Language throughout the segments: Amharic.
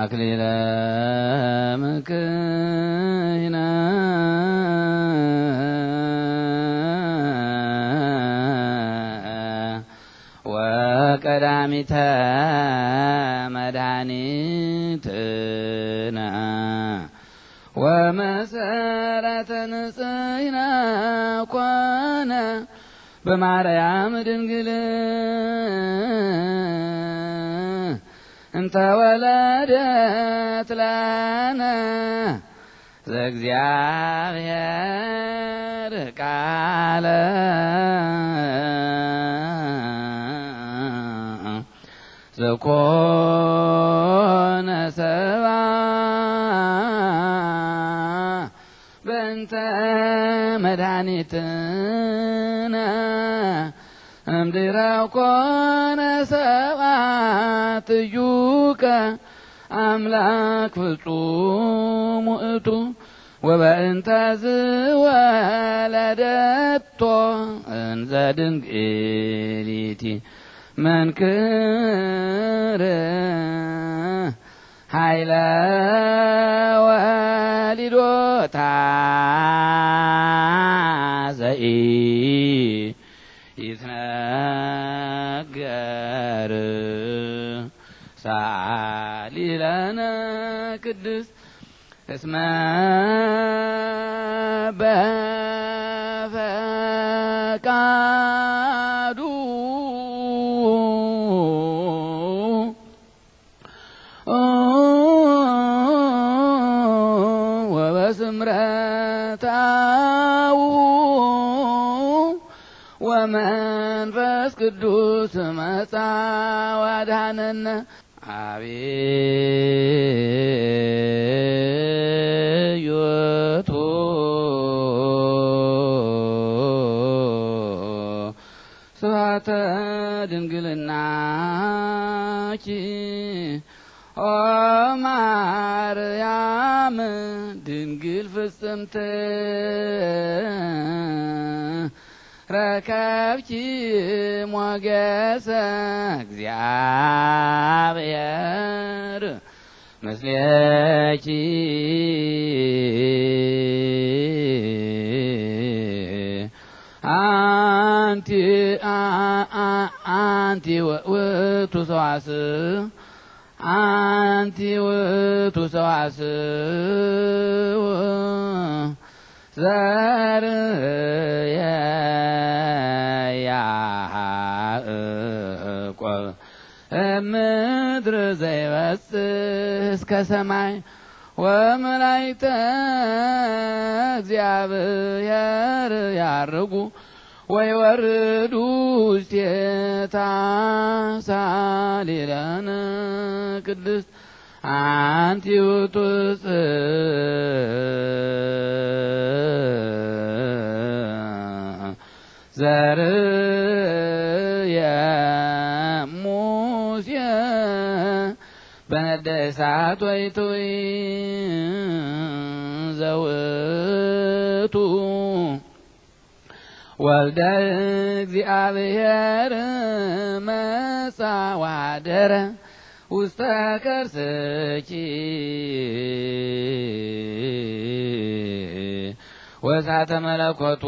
አክሊለ ምክህና ወቀዳሚተ መድኃኒትና ወመሰረተ ንጽሕና ኮነ በማርያም ድንግል እንተ ወለደት ለነ ዘእግዚአብሔር ቃለ ዘኮነ ሰባ በእንተ መድኃኒትነ እምድረ ኮነ ሰብአት እዩከ አምላክ ፍጹም ውእቱ ወበእንተ ዝወለደቶ እንዘ ድንግሊቲ መንክር ኃይለ ወሊዶታ ዘኢ ቅዱስ እስመ በፈቃዱ ወበስምረታው ወመንፈስ ቅዱስ መጻ ዋድሃነነ አቤት ኪ ኦ ማርያም ድንግል ፍጽምት ረከብኪ ሞገሰ እግዚአብሔር ምስሌኪ አንቲ አንቲ ውእቱ ሰዋስ አንቲ ውእቱ ዘር ዘርያያቆብ ምድር ዘይበጽሕ እስከ ሰማይ ወመላእክተ እግዚአብሔር ያርጉ ወይወርዱ ውስቴታ ሳሊላነ ቅድስት አንቲ ውእቱ ዘርአየ ሙሴ በነደ እሳት ወይቱይ ዘውቱ ወልደ እግዚአብሔር መሳዋደረ ውስተ ከርስኪ ወሳተ መለኮቱ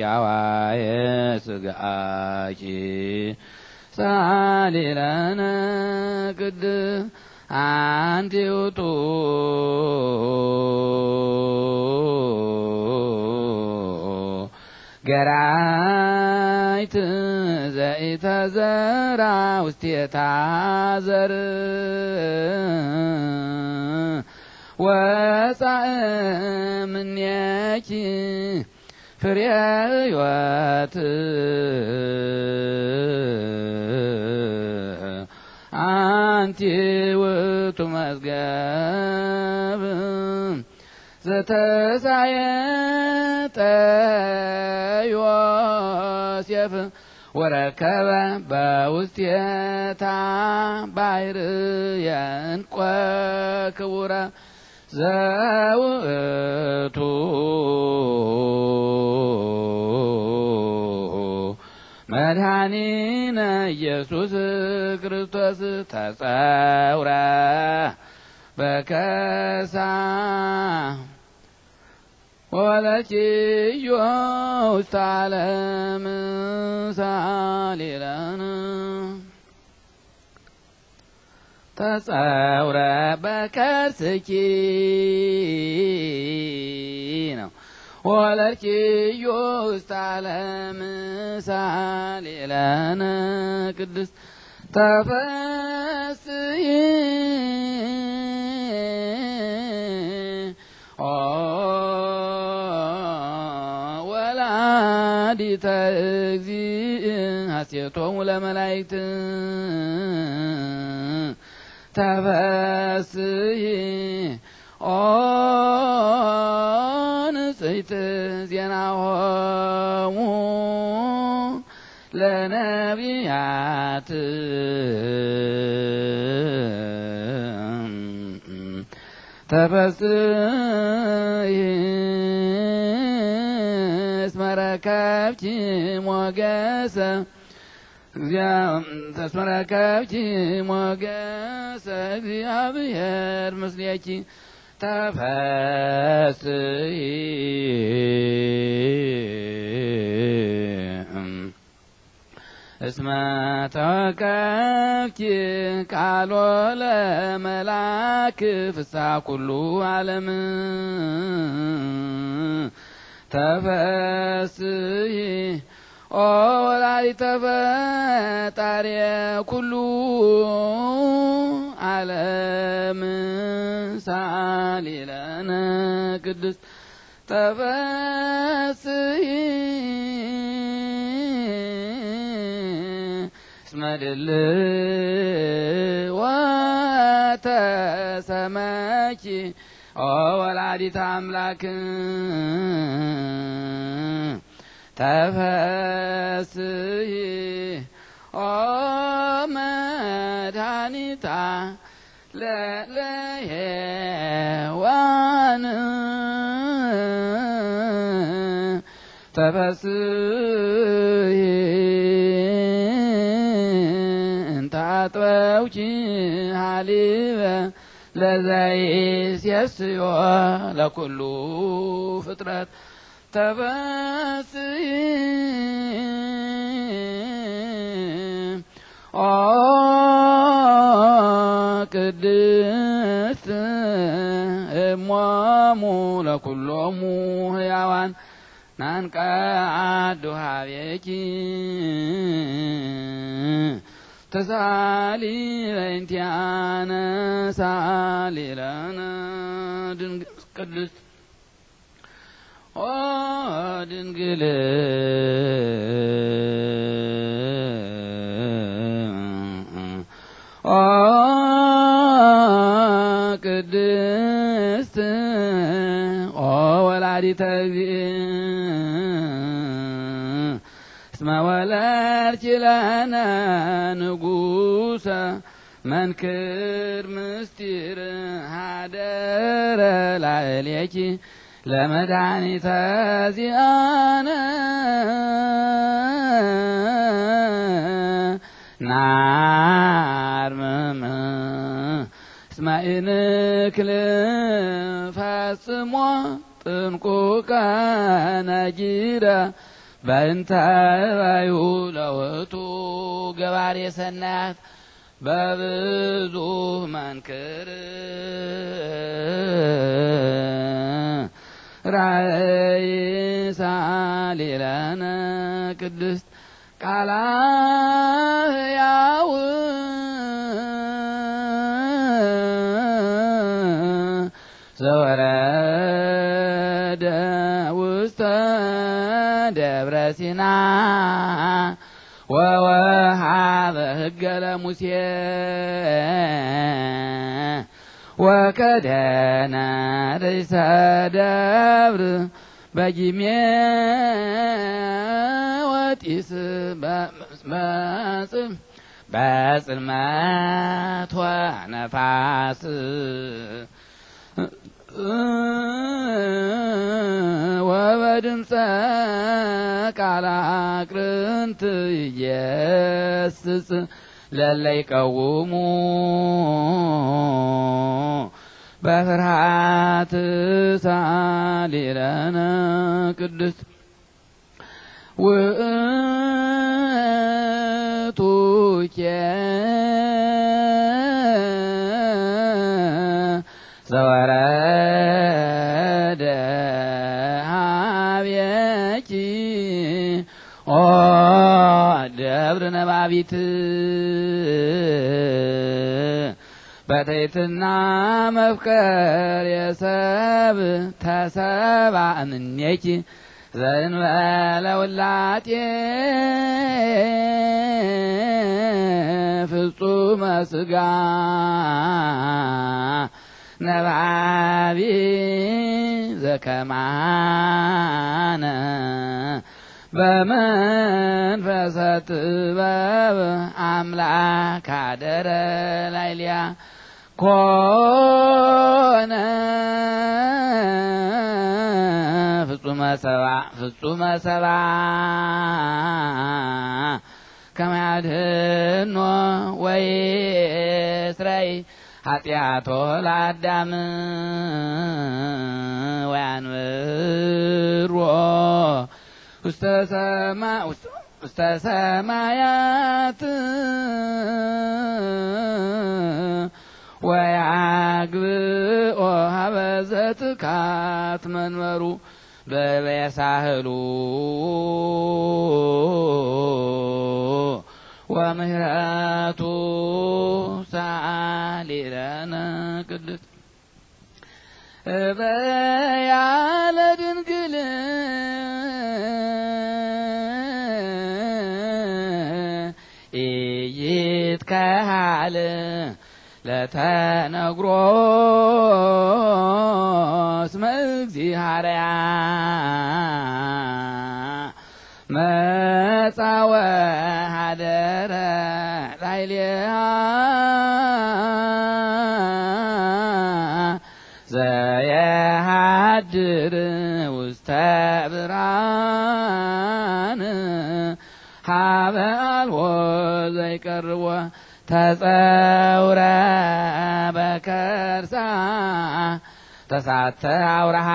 ያዋየ ስጋኪ ሳሊለነ ቅድስ አንድ ውጡ ገራይት ዘይተዘራ ውስቴታ ዘር ወፃእ ምኔኪ ፍሬ ሕይወት አንቲ ወልቱ መዝገብ ወረከበ በውስቴታ ባይር የእንቆ ክቡረ ዘውእቱ መድኃኒነ ኢየሱስ ክርስቶስ ተጸውረ በከሳ ወለኪዮ ውስተ ዓለም ሳሊለን ተጸውረ በከርስኪ ወለኪዮ ውስተ ዓለም ሳሌላነ ቅድስት ተፈስሒ ወላዲተ እግዚእ ሐሴቶሙ ለመላእክት ተፈስሒ ኦሪት ዜናሆሙ ለነቢያት ተፈስሕስ መረከብኪ ሞገሰ ተስመረከብኪ ሞገሰ እግዚአብሔር ምስሌኪ ተፈስሒ እስመ ተወከፍኪ ቃሎ ለመላክ ፍስሓ ኩሉ ዓለም ተፈስሒ ኦ ወላዲተ ፈጣሪ ኩሉ ዓለም ሰዓሊ ለነ ቅድስት ተፈስሒ እስመ ድልወተ ሰማኪ ወላዲተ አምላክ ተፈስሒ تعالي تعالى ليه وانا تبسي انت عطوكي علي لذيس يسوع لكل فطرة تبسي ቅድስት እሞሙ ለኩሎሙ ህያዋን ናንቃ ዱሃቤኪ ተሳሊ በእንቲአነ ሳሊለነ ቅድስት ኦ ድንግል ኦ ቅድስት ኦ ወላዲተ እግዚእ እስመ ወለድኪ ለነ ንጉሰ መንክር ምስጢር ሃደረ ላዕሌኪ ለመድኃኒተ ዚአነ ናርምም እስማኤል ክል ጽሞ ጥንቁቃና ጊራ በእንተ ለወቱ ገባሬ ሰናት በብዙ መንክር ራእይ ሳሌላነ ቅድስት ቃላ ያውን ዘወረደ ውስተ ደብረ ሲና ወወሃበ ሕገ ለሙሴ ወከደነ ርእሰ ደብር በጊሜ ወጢስ በጽም በጽልመት ወነፋስ ወበድምፀ ቃላ ቅርንት ለለይቀውሙ በፍርሃት ሳሊለነ ቅድስት ውእቱኬ ዘወረ ሰብር ነባቢት በተይትና መፍቀር የሰብ ተሰባ እምኔኪ ዘእንበለ ውላጤ ፍጹመ ስጋ ነባቢ ዘከማነ በመንፈሰ ጥበብ አምላክ አደረ ላይልያ ኮነ ፍጹመ ሰባ ፍጹመ ሰባ ከማያድህኖ ወይ ስረይ ኃጢአቶ ለአዳም ወያንብሮ ውስተ ሰማያት ወያግብኦ ሀበ ዘትካት መንበሩ በበሳህሉ ወምህረቱ ሳሊለነ ቅድስት እበያለ ድንግልን ኢይትከሃል ለተነግሮ እስመ እግዚአርያ መጻወ ሃደረ ላይልያ ዘየሃድር ውስተ ብርሃን ሃበ ዘይቀርዎ ተጸውረ በከርሳ ተሳተ አውረሃ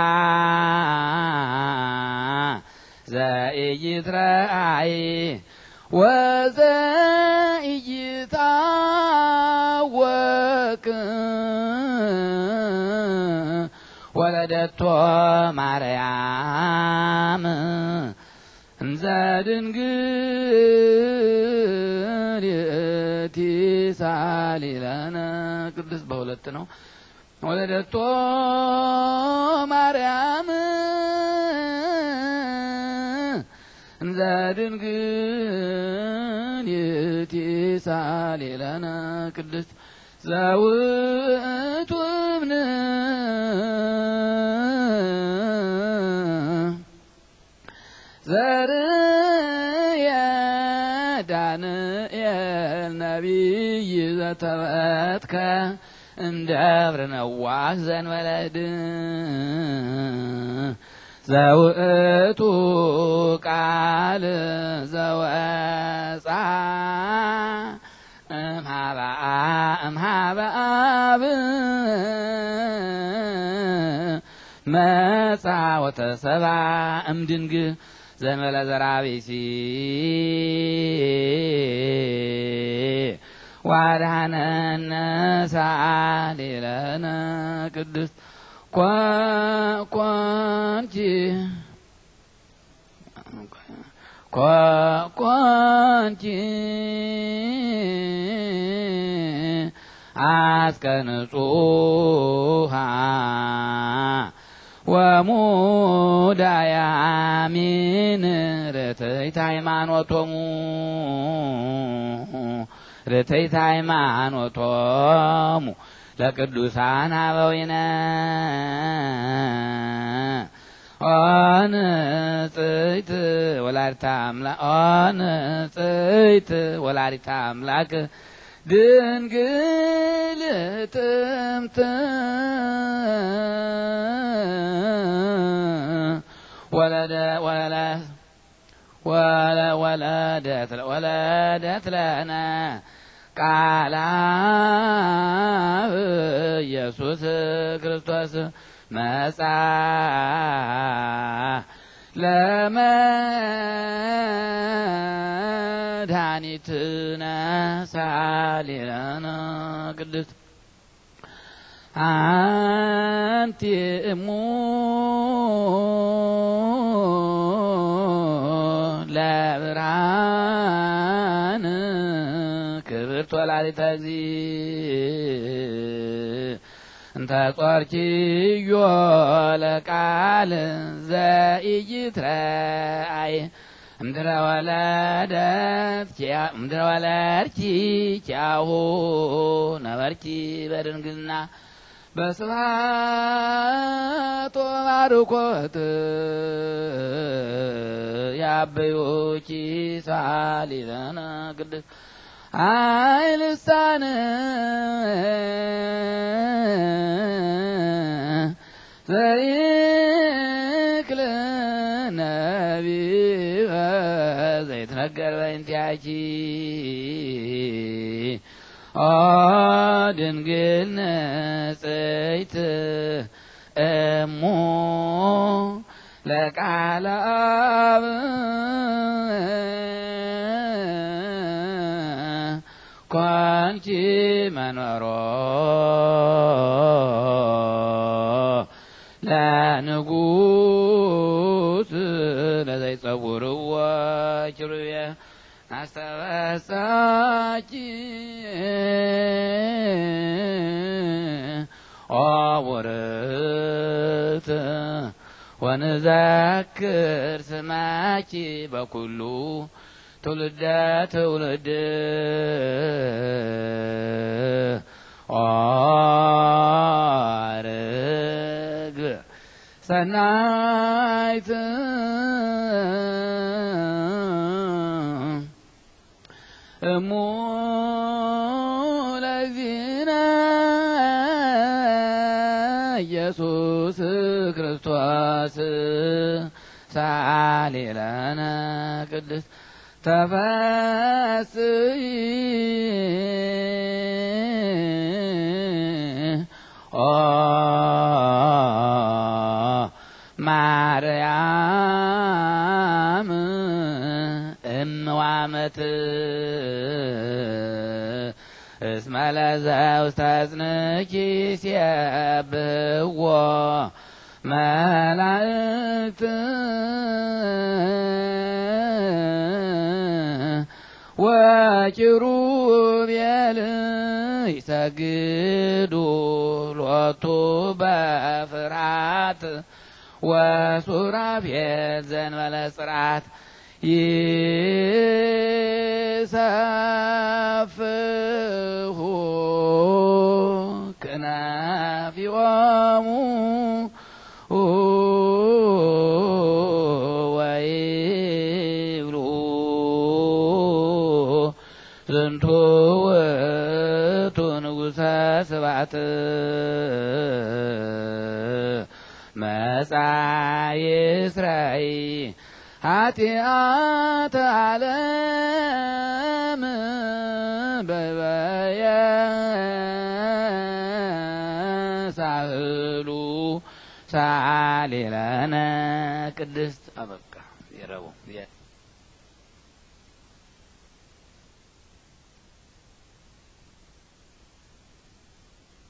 ዘኢይትረአይ ወዘኢይታወቅ ወለደቶ ማርያም እምዘ ድንግል ወርይቲ ሳሊ ለነ ቅዱስ በሁለት ነው። ወለደቶ ማርያም እንዘ ድንግል ይእቲ ሳሊ ለነ ቅዱስ ዘውእቱ ዘርእ ነቢይ ዘተበትከ እምደብረ ነዋሕ ዘንበለድ ዘውእቱ ቃል ዘወፃ እምሃበ እምሃበ አብ መጻ ወተሰባ እምድንግ ዘመለ ዘራቤሲ ዋዳነነ ሳሊለነ ቅዱስ ኳንቺ ኳንቺ አስከንጹሃ ወሙዳያሚን ርትዕት ሃይማኖቶሙ ርትዕት ሃይማኖቶሙ ለቅዱሳን አበዊነ ኦንጽይት ወላዲተ አምላክ ኦንጽይት ወላዲተ አምላክ ድንግል ጥምተ ወለደት ለነ ቃለ ኢየሱስ ክርስቶስ መጻ ለመ መድኃኒትነ ሳሌለነ ቅድስት አንቲ እሙ ለብርሃን ክብርት ወላዲተ እግዚእ እንተ ጾርኪዮ ለቃል ዘኢይትረአይ እምድረ ወለደት እምድረ ወለድኪ ኪያሁ ነበርኪ በድንግልና በስብሐት ወባርኮትህ ያበዮኪ ሳሊለነ ቅድስት አይ ልሳን ዘይክል ነቢ ዘይትነገር በእንቲያቺ በእንቲአኪ ድንግል ንጽሕት እሙ ለቃለ አብ ኮንኪ መንበሮ ለንጉ ጸውርዎ ችሩየ አስተበሳኪ ወርት ወንዘክር ስማኪ በኩሉ ትውልደ ትውልድ ሰናይት እሙ ለዚነ ኢየሱስ ክርስቶስ ሳሊ ለነ ቅድስት ተፈስሒ ኦ ማርያም እምዋመት እስመ ለዘውስተ አጽንኪ ሲያብህዎ መላእክት ወኪሩቤል ይሰግዱ ሎቱ በፍርሃት وسرافيل زنبل سرعت يسافه كنا في غامو ويلو زنتو وتنغسا سبعت መጻይ ኃጢአት ዓለም በበየ ሳህሉ ሳሊለነ ቅድስት አበቃ ይረቡ